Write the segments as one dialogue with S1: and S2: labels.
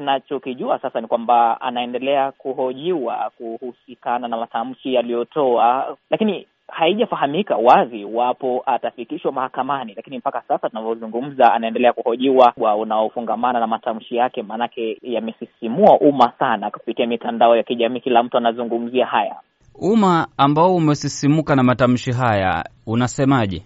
S1: tunachokijua sasa ni kwamba anaendelea kuhojiwa kuhusikana na matamshi yaliyotoa, lakini haijafahamika wazi wapo atafikishwa mahakamani, lakini mpaka sasa tunavyozungumza, anaendelea kuhojiwa wa unaofungamana na matamshi yake, maanake yamesisimua umma sana kupitia mitandao ya kijamii. Kila mtu anazungumzia haya.
S2: Umma ambao umesisimuka na matamshi haya unasemaje?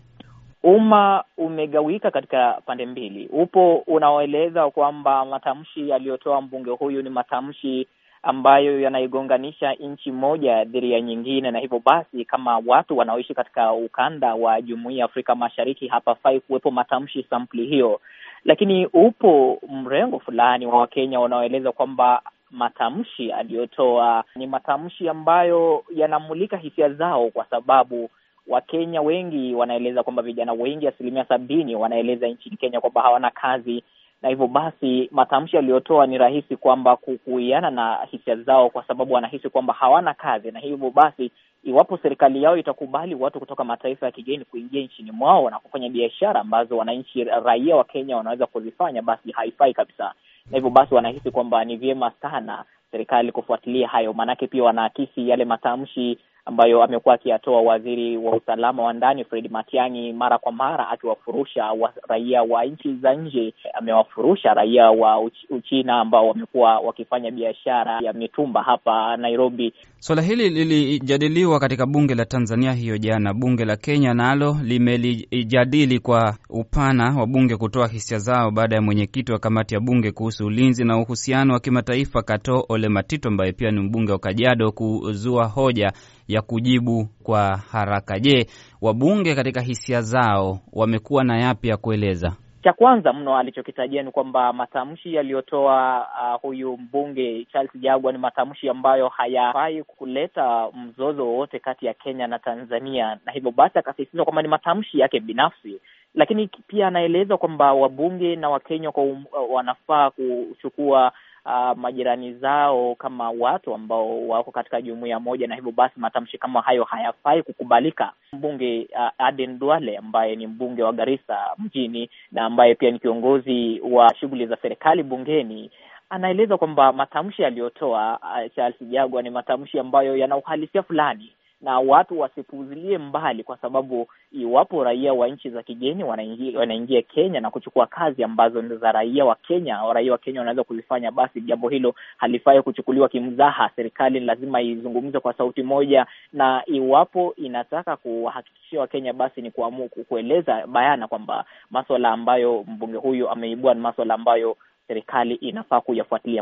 S1: umma umegawika katika pande mbili. Upo unaoeleza kwamba matamshi aliyotoa mbunge huyu ni matamshi ambayo yanaigonganisha nchi moja dhidi ya nyingine, na hivyo basi, kama watu wanaoishi katika ukanda wa Jumuiya ya Afrika Mashariki, hapafai kuwepo matamshi sampli hiyo. Lakini upo mrengo fulani wa Wakenya wanaoeleza kwamba matamshi aliyotoa ni matamshi ambayo yanamulika hisia zao, kwa sababu Wakenya wengi wanaeleza kwamba vijana wengi, asilimia sabini, wanaeleza nchini Kenya kwamba hawana kazi, na hivyo basi matamshi aliyotoa ni rahisi kwamba kuhuiana na hisia zao, kwa sababu wanahisi kwamba hawana kazi, na hivyo basi iwapo serikali yao itakubali watu kutoka mataifa ya kigeni kuingia nchini mwao na kufanya biashara ambazo wananchi raia wa Kenya wanaweza kuzifanya, basi haifai kabisa. Na hivyo basi wanahisi kwamba ni vyema sana serikali kufuatilia hayo, maanake pia wanaakisi yale matamshi ambayo amekuwa akiyatoa waziri wa usalama wa ndani Fred Matiang'i mara kwa mara akiwafurusha wa raia wa nchi za nje. Amewafurusha raia wa uch Uchina ambao wamekuwa wakifanya biashara ya mitumba hapa Nairobi.
S2: Suala hili lilijadiliwa katika bunge la Tanzania hiyo jana. Bunge la Kenya nalo limelijadili kwa upana, wa bunge kutoa hisia zao baada ya mwenyekiti wa kamati ya bunge kuhusu ulinzi na uhusiano wa kimataifa Kato Ole Matito ambaye pia ni mbunge wa Kajiado kuzua hoja ya kujibu kwa haraka. Je, wabunge katika hisia zao wamekuwa na yapi ya kueleza?
S1: Cha kwanza mno alichokitajia ni kwamba matamshi yaliyotoa uh, huyu mbunge Charles Jagwa ni matamshi ambayo hayafai kuleta mzozo wowote kati ya Kenya na Tanzania, na hivyo basi akasisitiza kwamba ni matamshi yake binafsi, lakini pia anaeleza kwamba wabunge na Wakenya kwa um, wanafaa kuchukua uh, majirani zao kama watu ambao wako katika jumuiya moja, na hivyo basi matamshi kama hayo hayafai kukubalika. Mbunge uh, Aden Duale ambaye ni mbunge wa Garissa mjini na ambaye pia ni kiongozi wa shughuli za serikali bungeni anaeleza kwamba matamshi aliyotoa uh, Charles Jagwa ni matamshi ambayo yana uhalisia fulani na watu wasipuzilie mbali, kwa sababu iwapo raia wa nchi za kigeni wanaingia, wanaingia Kenya na kuchukua kazi ambazo ni za raia wa Kenya au raia wa Kenya wanaweza kuzifanya, basi jambo hilo halifai kuchukuliwa kimzaha. Serikali lazima izungumze kwa sauti moja, na iwapo inataka kuwahakikishia Wakenya basi ni kuamu, kueleza bayana kwamba maswala ambayo mbunge huyu ameibua ni maswala ambayo serikali inafaa kuyafuatilia.